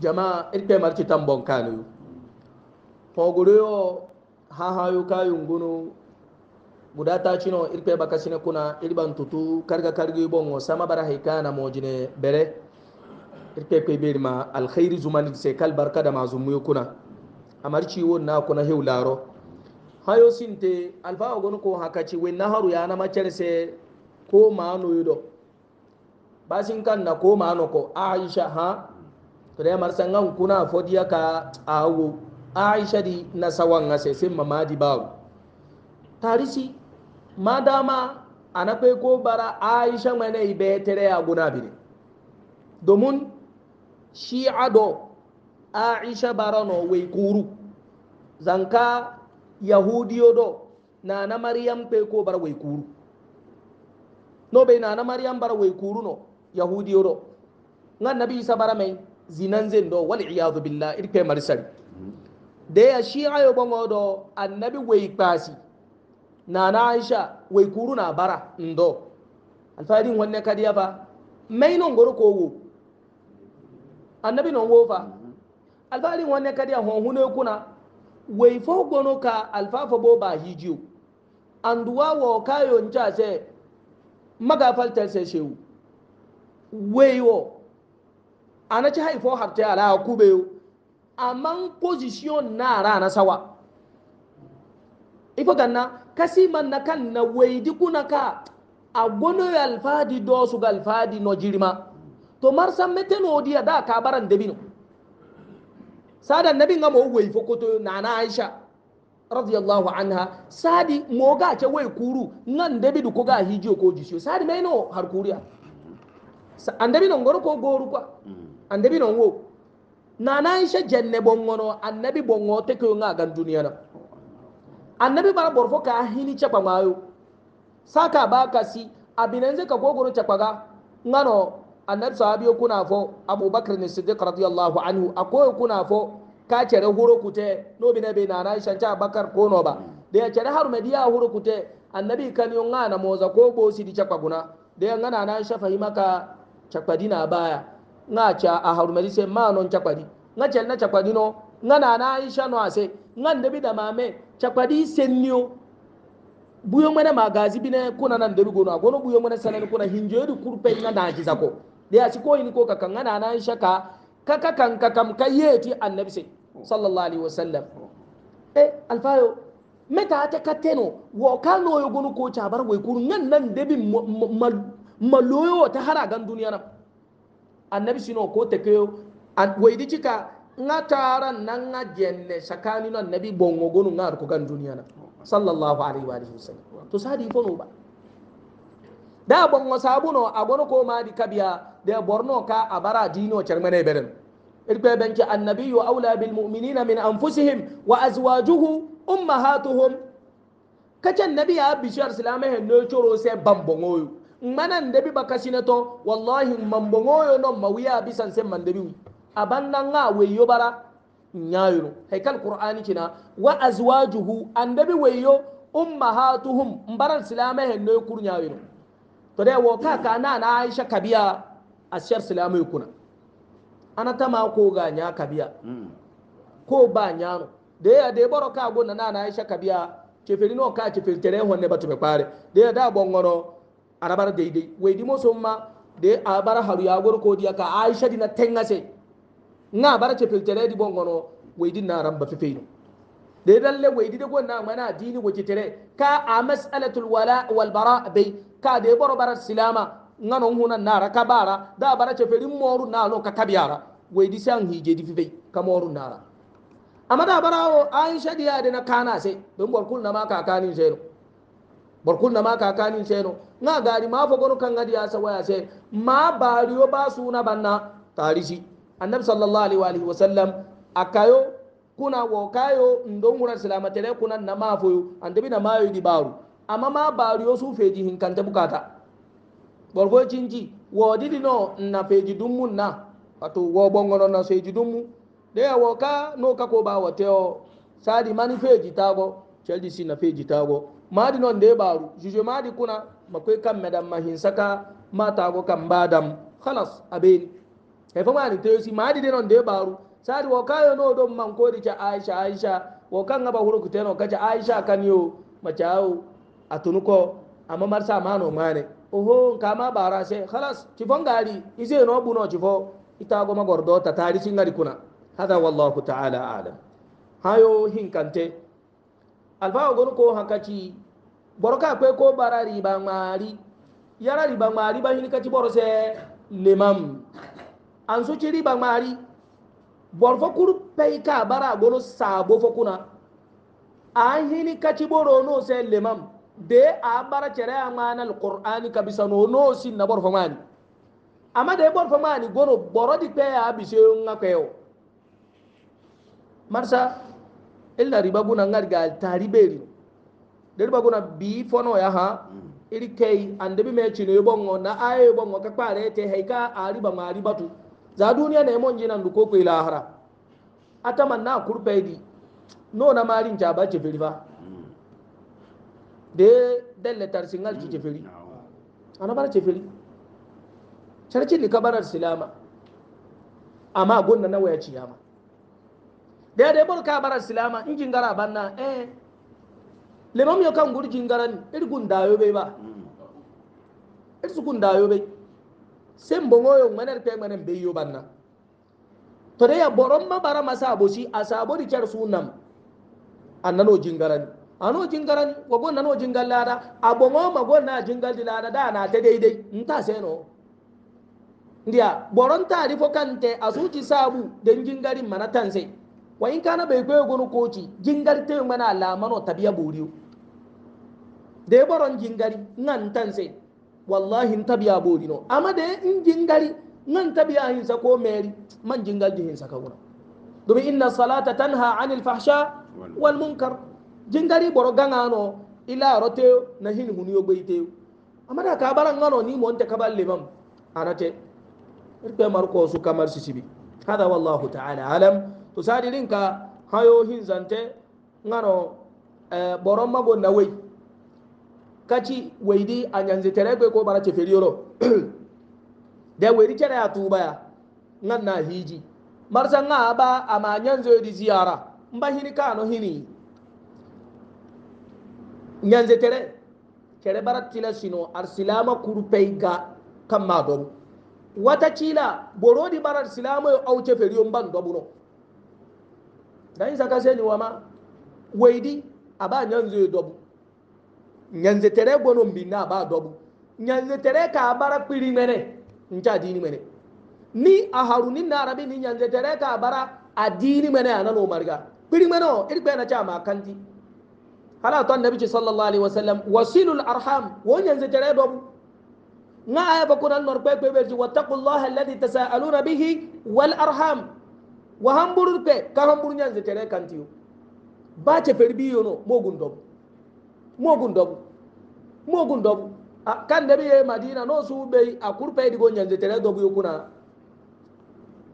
jama irpe marci tambon kanu pogoreo ha ha hayo kayun gunu budata chino irpe bakasine kuna irban tutu karga kargi bongo sama bara hikana mojine bere irpe pe berma alkhairi zumani se kal barka da mazumu kuna amarci na kuna hewlaro hayo sinte alfa gonu ko hakaci wenna haru yana macere se ko ma no yudo basin kan na ko ma no ko aisha ha premar sangan kuna fodiya ka awo aisha di na sawan ngase sin mamadi bawo tarisi madama anakwai ko bara aisha mana ibe tere ya guna bire domin shi ado aisha bara no wai kuru zanka yahudiyo do na na maryam pe ko bara wai kuru no bai na na maryam bara wai kuru no yahudiyo do ngan nabi isa bara mai zinan zin do wal iyadu billah irpe marisari da ya shi ayo bango do annabi wai kwasi na na aisha wai kuru na bara ndo alfarin wannan kadiya fa mai non goro ko wo annabi non wo fa alfarin wannan kadiya hon hune kuna wai fo gono ka alfafa bo ba hijiyo anduwa wo kayo nja se magafaltar se shewu wai wo ana ci haifo harte ala kubeyo amma position na rana sawa ifo ganna kasi man na kan na waidi kuna ka a gono alfadi do su ga alfadi no jirma to mar san mete no da ka baran debino sada nabi nga mo wai fo koto na na aisha radiyallahu anha sadi mo ga ce wai kuru nan debidu ko ga hijo ko jisiyo sadi mai no har kuriya an debino ngoro ko goru kwa mm -hmm annabi non wo nana aisha janne bongono annabi bongo te ko nga gan duniya na annabi bara borfo ka hini chapa mayo saka ba kasi abinanze ka gogoro chapaga ngano annabi sahabiyo kuna fo abubakar ne siddiq radiyallahu anhu akoyo kuna fo ka cere huro kute no bi nabi nana aisha cha bakar ko no ba da ya cere harume diya huro kute annabi kan yo nga na moza ko bosi di chapa guna da ngana na aisha fahimaka chapa baya ngacha cha a harumari se ma non chakwadi nga na chakwadi no ngana na aisha no ase nga ndebi da mame chakwadi senyo buyo mwana magazi bine kuna na ndebi gono agono buyo mwana sanani kuna hinjoyedi kurpe nga na ajiza ko dia siko ini ko kaka nga na aisha ka kaka kan kaka mkayeti annabi se sallallahu alaihi wasallam e alfayo meta ate kateno wo kanoyo gono ko chabar wo kuru nga nan ndebi maloyo ta haragan duniya na annabi sino ko te ke an waidi cika nga tara nan nga jenne sakani no annabi bongo gonu nga ko kan duniya na sallallahu alaihi wa alihi wasallam to sadi ko no ba da bongo sabuno agono ko ma di kabiya de borno ka abara dino cermane beren irbe annabi annabiyu aula bil mu'minina min anfusihim wa azwajuhu ummahatuhum kacan nabi ya bishar silama hen no choro se bambongoyo nganan debi bakasine to wallahi mambongoyo no mawiya bisan sem mandebi abanna nga weyo bara nyayo haikal qur'ani kina wa azwajuhu andabi weyo ummahatuhum mbaral silama he no kur nyayo to de wo ka kana na aisha kabiya ashar silama yukuna ana tama ko ga nya kabiya hmm. ko ba nyano de ya de boro ka gonna na na aisha kabiya keferino ka kefer tere honne batu be pare de ya da bongono arabar daidai wai di moso ma da a bar haru ya gor ko diya ka aisha dina tenga se na bar ce filtere di bongono wai din na ramba fife no da dalle wai di go na mana dini go kitere ka a mas'alatul wala wal bara bai ka da boro bar silama nganon hunan na raka bara da bar ce ferin moru na no ka kabiyara wai di san hije di fife ka moru nara amma da barawo aisha diya da na kana se don borkul na ma kakanin sai no borkunna ma kakanin seno nga gari ma fogono kanga diya sawaya se ma bariyo ba suna banna tarisi annabi sallallahu alaihi wa alihi wa sallam akayo kuna wo kayo ndo ngura salama tere kuna na ma foyo andabi na mayo di baru amma ma bariyo su feji hinkanta bukata borgo cinji wo didi no na feji dummu na wato wo bongono na feji dummu de ya wo ka no ka ko ba wateo sadi mani feji tago chelsea na feji tago madi non de baru jije madi kuna makwai kan medan mahin saka mata go kan badam khalas abeni e fa mani to yosi madi de non de baru sadi wo kayo no don man ko rike aisha aisha wo kan ngaba huru ku teno kaje aisha kan yo machawo atunuko amma marsa mano mane oho kama bara se khalas chifon gari ise no buno chifo ita go magordo ta tari singari kuna hada wallahu ta'ala alam hayo hinkante alfawa gonu ko hankaci borka kwe ko bara riba mari yara riba mari ba hini kaci borose limam an su ci riba mari borfo kuru pei ka bara gonu sabo fo kuna an hini kaci boro no se limam de a bara cere amana mana alqur'ani kabisa no sin na borfo mani amma de borfo mani gono borodi pe a bise nga peo marsa illa riba guna ngar ga tari beri riba guna bi fono ya ha mm. iri kai ande bi me chino yobongo na ayo bongo ka te heika ariba ma riba tu za duniya ne mon jinan du koko ila hara atama na kurpedi no na marin ta ba ce ba mm. de dalle tar singal mm. ci ce feri ana bar ce feri ni kabarar silama amma gonna na waya ciyama da ya dai bor ka bara silama in jingara banna eh lemam yo kan gurjin garan irgun dayo bai ba irgun dayo bai sai bongo yo manar pe manan bai yo banna to da ya boron ma bara masa aboshi a sabo dikar sunan annano anu ano jingaran wa gon nano jingal lada abongo ma gon na jingal dilada da na ta daidai in ta sai no ndiya boron tari fo kante asuci sabu den jingarin mana tanse wa in kana bai goyo gonu koci jingari te mana lamano tabiya boriyo de boron jingari nan tan sai wallahi in tabiya borino amma de in jingari nan tabiya hin sa ko meri man jingal jihin sa kawuna domin inna salata tanha anil fahsha wal munkar jingari boro gangano ila rote na hin huniyo gbeite amma da ka baran ngano ni monte kabal limam anate irbe marko su kamar sisibi هذا والله تعالى أعلم usadirin ka hayohin zante ngano eh, boron mago na wai kaci waidi a yanzu tere kwe ko bara ceferi yoro da waidi kere ya tuba ya nan na hiji marsan nga ba a ma yanzu di ziyara mba hini ka no hini yanzu tere kere bara tila sino arsilama kurpei ga kan ma wata cila borodi bara arsilama yo au ceferi mban dobu na yin saka sai ni wama waidi aba nyanzo dobu nyanze tere gbono mbi na aba dobu nyanze tere ka abara piri mene nja dini mene ni aharu ni na arabi ni nyanze tere ka abara adini mene anano marga piri mene o irbe na cha makanti hala to annabi sallallahu alaihi wasallam wasilul arham wo nyanze tere dobu nga aya bakuna nor pepe beji wattaqullaha alladhi tasaaluna bihi wal arham wa hamburu pe ka hamburu nyanze tere kantiyo ba ce ferbi yono mogun dobu mogun dobu mogun dobu a kan da biye madina no su be a kurpe digo nyanze tere dobu yukuna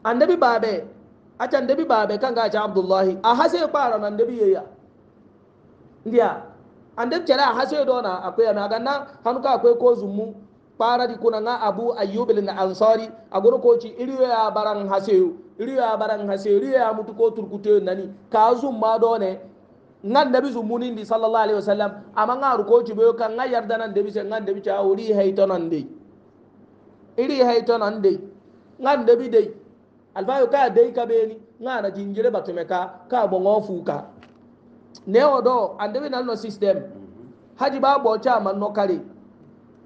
andabi babe a can dabi babe kan ga abdullahi a hase fara nan dabi yaya ndiya andabi tere a hase dona akwai na ganna hanuka akwai ko zumu fara di kuna nga abu ayyub al ansari a gurko ci iriyo ya baran haseyo iriyo ya baran hase iriyo ya mutu ko turkuteyo nani ka zum ma do ne ngan dabi zumunindi sallallahu alaihi wasallam ama nga ruko jibe kan nga yarda nan dabi se ngan dabi cha uri hayto nan dei iri hayto nan dei ngan dabi dei alfayo ka dei ka beni nga na jingire batume ka ka bongo fuka ne odo andabi nan no system mm-hmm. haji ba bo cha man no kare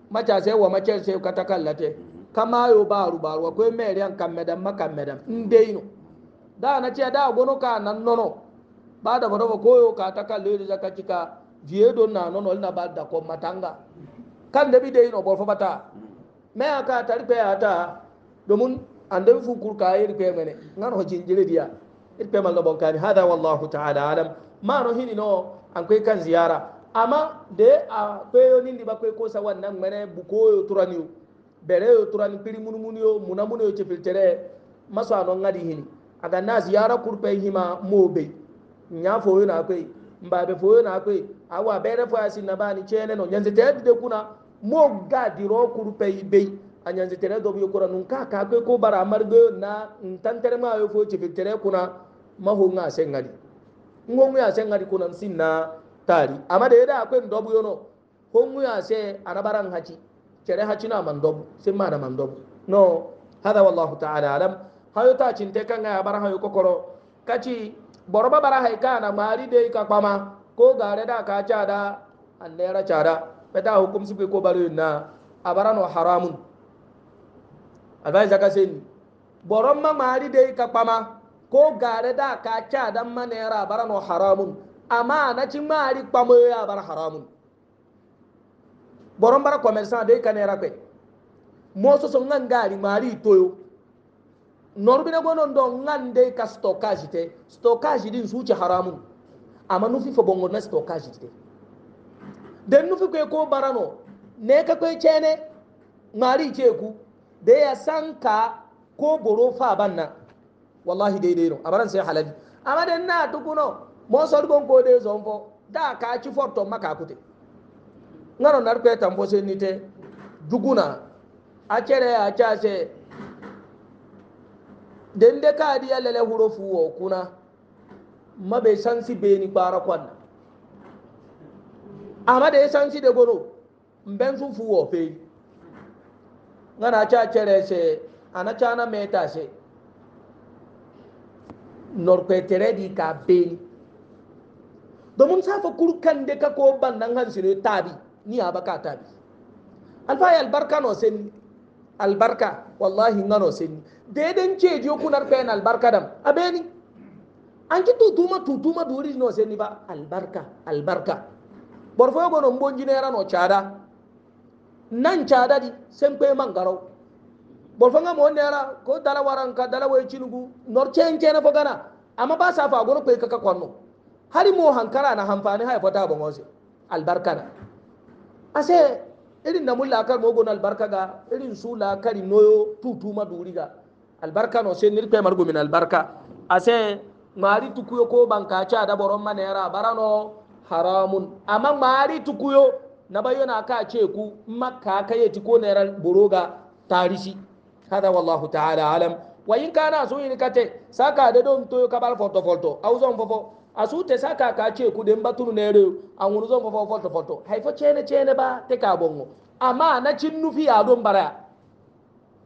macha se wa macha se katakallate kama yo baru baru akwai mere an kan medan makan medan in dai no da na ce da gono ka nan nono ba da bado koyo ka ta kalle da zaka kika jiye don na nono na ba da kon matanga kan da bi dai no borfa bata me aka tarbe ata domin an da fu kurka yi rufe mene ngan ho jinjire dia rufe man labon kani hada wallahu ta'ala alam ma no hini no an kai kan ziyara amma da a kwayo nindi ba kai ko sa wannan mene bukoyo turaniyo bere yo turani piri munumuni yo munamuni yo cefiltere maso ano ngadi hini aga na ziyara kurpe hima mobe nya foyo na kwe mbabe foyo na kwe awa bere fo asin na bani chene no nyanze te de kuna mo gadi ro kurpe ibe anyanze tere do bi kura nun ka ka kwe ko bara margo na ntantere ma yo fo cefiltere kuna maho nga sengadi ngongu ya sengadi kuna nsinna tari amade da kwe ndobu yono hongu ya se anabaran hachi kere hacina mandobu sin mana mandobu no hada wallahu ta'ala alam hayo ta cinte kanga ya bara hayo kokoro kaci boroba bara hay kana mari de ka kpama ko gare da ka cada an lera cada beta hukum su ko baro na abara no haramun albai zaka sen boron ma mari de ka kpama ko gare da ka cada manera abara no haramun amma na cin mari kpamo ya bara haramun boron bara commerçant de kanera kwe moso so ngan gari mari toyo norbina gonon don ngan de ka stockage te stockage din suci haramun amma nufi fa bongo na stockage te den nufi kwe ko barano ne ka kwe chene mari cheku da ya san ka ko boro fa banna wallahi daidai no abaran sai halali amma den na tukuno mo so gon ko de zonfo da ka ci forton maka ngano narpe tambo senite juguna acere acase dende adi yalele huro fuwo kuna maɓe sansi beni ɓara kwanna ama de sansi de gono mben su fuwo feyi ngana aca se ana cana meta se norkweteredi ka beni domin safa kurkan de ka ko bannan hansire tabi ni abaka ka tabi alfa ya albarka no sen albarka wallahi ngano sen deden ce jo kunar pen albarka dam abeni an ki tutuma tutuma duri no sen ba albarka albarka borfo go no mbonji ne rano chada nan chada di sen pe mangaro borfo nga mo nera ko dala waranka dala we chinugu nor chen chen fo gana amma ba sa fa go no pe kaka kwanno hari mo hankara na hamfani hay fota bongoze albarka na ase irin da mulla kar mogon albarka ga irin su la kari noyo tutu maduri ga albarka no sai nirpe margo min albarka ase mari tukuyo ko banka cha da boron manera barano haramun amma mari tukuyo na bayo na ka ce ku makka kaye ko ne boroga tarisi hada wallahu ta'ala alam wayin kana so yin kate saka de don to ka bal foto foto au zon fofo asu te saka ka ce ku den batunu ne re an zon fofo foto foto hay fo chene chene ba te ka bongo amma na cin nufi a don bara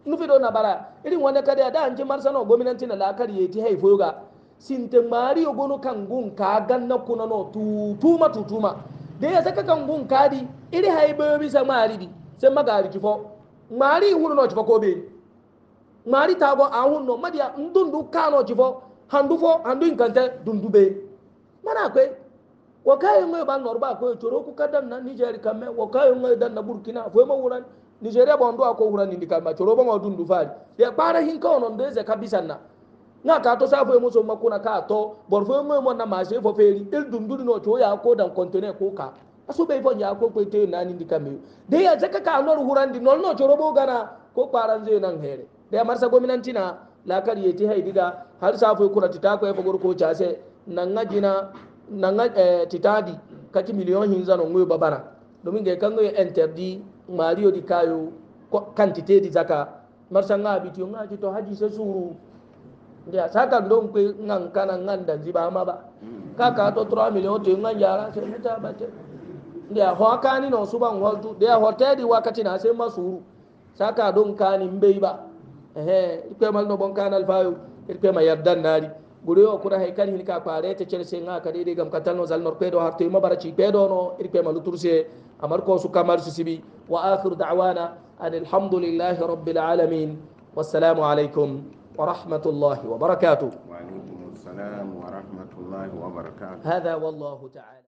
nufi don na bara irin wanda kada da an ji marsano gwamnati na lakari yeti hay fo ga sinte mari ogono kangun ka ganna kuna no tutuma tutuma de ya saka kangun kadi iri hay bayo bisa mari di sai magari kifo mari hunu no kifo ko be mari tago ahun no madia ndundu ka jivo handu fo handu inkante dundube mana kwe wakayo ngoy ba norba ko choro ku kadam na nigeria kamme wakayo ngoy dan na burkina fo ma wuran nigeria ba ndo ako wuran ka kamma choro ba ya para na na ka to safo mu so makuna ka to fo mo na ma se fo feri il dunduru no cho ya ko dan kontene ko ka aso be fo nya ko pe te na indi kamme de ka wuran no choro bo gana ko nze na da marsa gwamnati na lakar yeti ti haidiga har safai kuna tita ko ya fagor ko chase nan ngajina nan eh, titadi kati miliyon hinza no ngoyo babara domin ga kan ngoyo interdi mario di kayo quantité di zaka marsa nga biti nga ji to haji se suru ya saka don ko ngan kana ngan da ziba ma ba kaka to 3 miliyon to ngan yara se meta ba te ya ho kani no suban ho tu da ho wakati na se masuru saka don kani mbei ba ehe irkwe mal no bon kanal fayu irkwe ma yardan nari guri o kuna haikal hin ka kware ta cere sai nga kare de gam katal no zal nor pedo har to ma baraci pedo no irkwe mal turse amar ko su kamar su sibi wa akhiru da'wana alhamdulillahi rabbil alamin wassalamu alaikum ورحمة الله وبركاته وعليكم السلام ورحمة الله وبركاته هذا والله تعالى